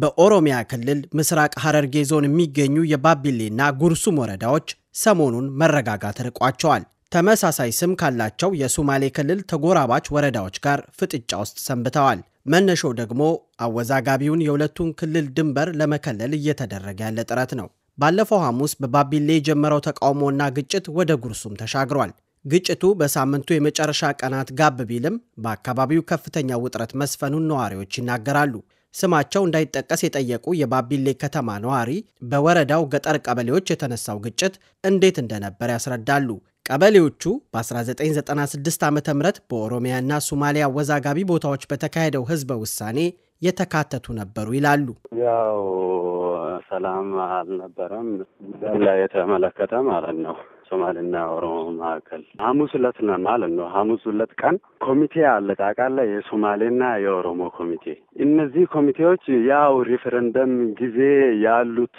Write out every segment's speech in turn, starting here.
በኦሮሚያ ክልል ምስራቅ ሐረርጌ ዞን የሚገኙ የባቢሌና ጉርሱም ወረዳዎች ሰሞኑን መረጋጋት ርቋቸዋል። ተመሳሳይ ስም ካላቸው የሶማሌ ክልል ተጎራባች ወረዳዎች ጋር ፍጥጫ ውስጥ ሰንብተዋል። መነሾው ደግሞ አወዛጋቢውን የሁለቱን ክልል ድንበር ለመከለል እየተደረገ ያለ ጥረት ነው። ባለፈው ሐሙስ በባቢሌ የጀመረው ተቃውሞና ግጭት ወደ ጉርሱም ተሻግሯል። ግጭቱ በሳምንቱ የመጨረሻ ቀናት ጋብ ቢልም በአካባቢው ከፍተኛ ውጥረት መስፈኑን ነዋሪዎች ይናገራሉ። ስማቸው እንዳይጠቀስ የጠየቁ የባቢሌ ከተማ ነዋሪ በወረዳው ገጠር ቀበሌዎች የተነሳው ግጭት እንዴት እንደነበር ያስረዳሉ። ቀበሌዎቹ በ1996 ዓ ም በኦሮሚያና ሱማሊያ አወዛጋቢ ቦታዎች በተካሄደው ህዝበ ውሳኔ የተካተቱ ነበሩ ይላሉ። ያው ሰላም አልነበረም ላይ የተመለከተ ማለት ነው ሶማሌና ኦሮሞ መካከል ሐሙስ ዕለት ነው ማለት ነው። ሐሙስ ዕለት ቀን ኮሚቴ አለ ታውቃለህ፣ የሶማሌና የኦሮሞ ኮሚቴ። እነዚህ ኮሚቴዎች ያው ሪፈረንደም ጊዜ ያሉት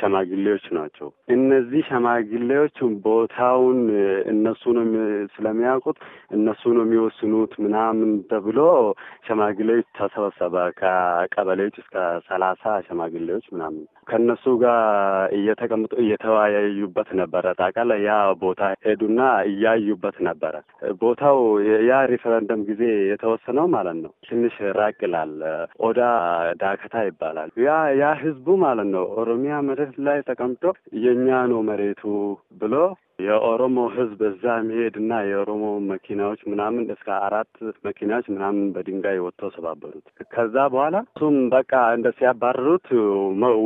ሸማግሌዎች ናቸው። እነዚህ ሸማግሌዎች ቦታውን እነሱ ነው ስለሚያውቁት እነሱ ነው የሚወስኑት ምናምን ተብሎ ሸማግሌዎች ተሰበሰበ። ከቀበሌዎች እስከ ሰላሳ ሸማግሌዎች ምናምን ከእነሱ ጋር እየተቀምጡ እየተወያዩበት ነበረ። አጠቃላይ ያ ቦታ ሄዱና እያዩበት ነበረ። ቦታው ያ ሪፈረንደም ጊዜ የተወሰነው ማለት ነው። ትንሽ ራቅ ይላል። ኦዳ ዳከታ ይባላል። ያ ያ ህዝቡ ማለት ነው ኦሮሚያ መሬት ላይ ተቀምጦ የእኛ ነው መሬቱ ብሎ የኦሮሞ ህዝብ እዛ መሄድና የኦሮሞ መኪናዎች ምናምን እስከ አራት መኪናዎች ምናምን በድንጋይ ወጥተው ሰባበሩት። ከዛ በኋላ እሱም በቃ እንደ ሲያባረሩት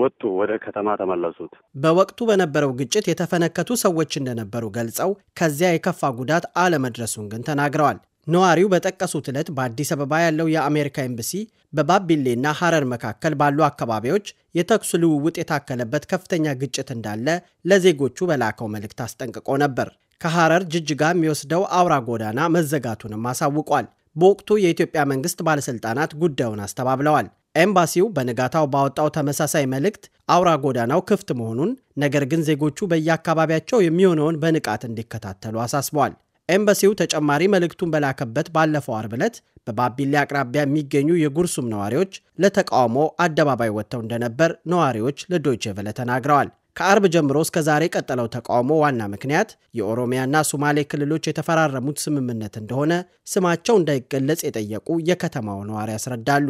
ወጡ፣ ወደ ከተማ ተመለሱት። በወቅቱ በነበረው ግጭት የተፈነከቱ ሰዎች እንደነበሩ ገልጸው ከዚያ የከፋ ጉዳት አለመድረሱን ግን ተናግረዋል። ነዋሪው በጠቀሱት ዕለት በአዲስ አበባ ያለው የአሜሪካ ኤምባሲ በባቢሌና ሐረር መካከል ባሉ አካባቢዎች የተኩስ ልውውጥ የታከለበት ከፍተኛ ግጭት እንዳለ ለዜጎቹ በላከው መልእክት አስጠንቅቆ ነበር። ከሐረር ጅጅጋ የሚወስደው አውራ ጎዳና መዘጋቱንም አሳውቋል። በወቅቱ የኢትዮጵያ መንግስት ባለሥልጣናት ጉዳዩን አስተባብለዋል። ኤምባሲው በንጋታው ባወጣው ተመሳሳይ መልእክት አውራ ጎዳናው ክፍት መሆኑን፣ ነገር ግን ዜጎቹ በየአካባቢያቸው የሚሆነውን በንቃት እንዲከታተሉ አሳስቧል። ኤምባሲው ተጨማሪ መልእክቱን በላከበት ባለፈው አርብ ዕለት በባቢሌ አቅራቢያ የሚገኙ የጉርሱም ነዋሪዎች ለተቃውሞ አደባባይ ወጥተው እንደነበር ነዋሪዎች ለዶይቼ ቬለ ተናግረዋል። ከአርብ ጀምሮ እስከ ዛሬ ቀጠለው ተቃውሞ ዋና ምክንያት የኦሮሚያና ሶማሌ ክልሎች የተፈራረሙት ስምምነት እንደሆነ ስማቸው እንዳይገለጽ የጠየቁ የከተማው ነዋሪ ያስረዳሉ።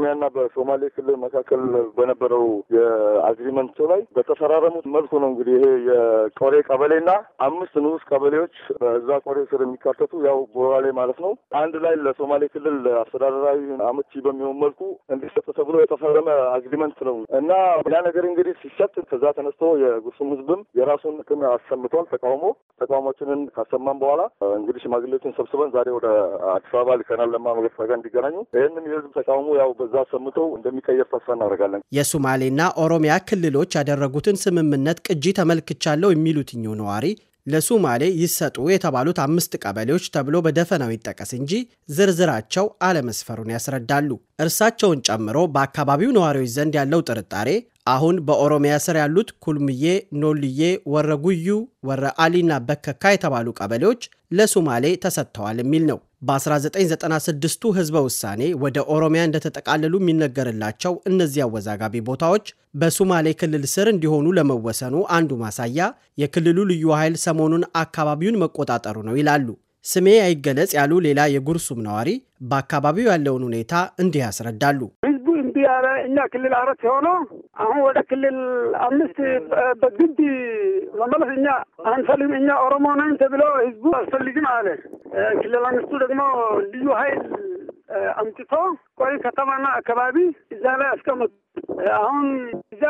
በኦሮሚያና በሶማሌ ክልል መካከል በነበረው የአግሪመንት ላይ በተፈራረሙት መልኩ ነው እንግዲህ ይሄ የቆሬ ቀበሌና አምስት ንዑስ ቀበሌዎች በዛ ቆሬ ስር የሚካተቱ ያው ቦራሌ ማለት ነው አንድ ላይ ለሶማሌ ክልል አስተዳደራዊ አመቺ በሚሆን መልኩ እንዲሰጥ ተብሎ የተፈረመ አግሪመንት ነው እና ያ ነገር እንግዲህ ሲሰጥ ከዛ ተነስቶ የጉሱም ህዝብም የራሱን ጥቅም አሰምቷል። ተቃውሞ ተቃውሞችንን ካሰማን በኋላ እንግዲህ ሽማግሌዎችን ሰብስበን ዛሬ ወደ አዲስ አበባ ልከናል ለማ መገርሳ እንዲገናኙ ይህንም የህዝብ ተቃውሞ ያው በዛ ሰምተው እንደሚቀየር ተስፋ እናደርጋለን። የሱማሌና ኦሮሚያ ክልሎች ያደረጉትን ስምምነት ቅጂ ተመልክቻለሁ የሚሉት እኚሁ ነዋሪ ለሱማሌ ይሰጡ የተባሉት አምስት ቀበሌዎች ተብሎ በደፈናው ይጠቀስ እንጂ ዝርዝራቸው አለመስፈሩን ያስረዳሉ። እርሳቸውን ጨምሮ በአካባቢው ነዋሪዎች ዘንድ ያለው ጥርጣሬ አሁን በኦሮሚያ ስር ያሉት ኩልምዬ፣ ኖልዬ፣ ወረ ጉዩ፣ ወረ አሊና በከካ የተባሉ ቀበሌዎች ለሱማሌ ተሰጥተዋል የሚል ነው። በ1996ቱ ህዝበ ውሳኔ ወደ ኦሮሚያ እንደተጠቃለሉ የሚነገርላቸው እነዚህ አወዛጋቢ ቦታዎች በሱማሌ ክልል ስር እንዲሆኑ ለመወሰኑ አንዱ ማሳያ የክልሉ ልዩ ኃይል ሰሞኑን አካባቢውን መቆጣጠሩ ነው ይላሉ። ስሜ አይገለጽ ያሉ ሌላ የጉርሱም ነዋሪ በአካባቢው ያለውን ሁኔታ እንዲህ ያስረዳሉ። ህዝቡ እምቢ እኛ ክልል አረት የሆነው አሁን ወደ ክልል አምስት በግድ መመለስ እኛ አንፈልግም፣ እኛ ኦሮሞ ነን ተብሎ ህዝቡ አስፈልግም አለ። ክልል አምስቱ ደግሞ ልዩ ኃይል አምጥቶ ቆይ ከተማና አካባቢ እዛ ላይ አስቀምጡ። አሁን እዛ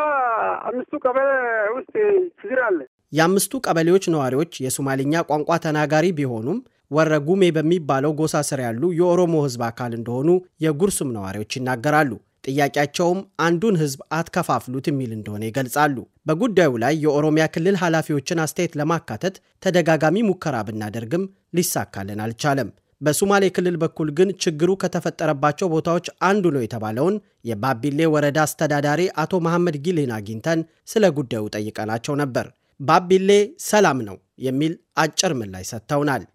አምስቱ ቀበሌ ውስጥ ችግር አለ። የአምስቱ ቀበሌዎች ነዋሪዎች የሶማሌኛ ቋንቋ ተናጋሪ ቢሆኑም ወረ ጉሜ በሚባለው ጎሳ ስር ያሉ የኦሮሞ ህዝብ አካል እንደሆኑ የጉርሱም ነዋሪዎች ይናገራሉ። ጥያቄያቸውም አንዱን ህዝብ አትከፋፍሉት የሚል እንደሆነ ይገልጻሉ። በጉዳዩ ላይ የኦሮሚያ ክልል ኃላፊዎችን አስተያየት ለማካተት ተደጋጋሚ ሙከራ ብናደርግም ሊሳካልን አልቻለም። በሶማሌ ክልል በኩል ግን ችግሩ ከተፈጠረባቸው ቦታዎች አንዱ ነው የተባለውን የባቢሌ ወረዳ አስተዳዳሪ አቶ መሐመድ ጊሌን አግኝተን ስለ ጉዳዩ ጠይቀናቸው ነበር። ባቢሌ ሰላም ነው የሚል አጭር ምላሽ ሰጥተውናል።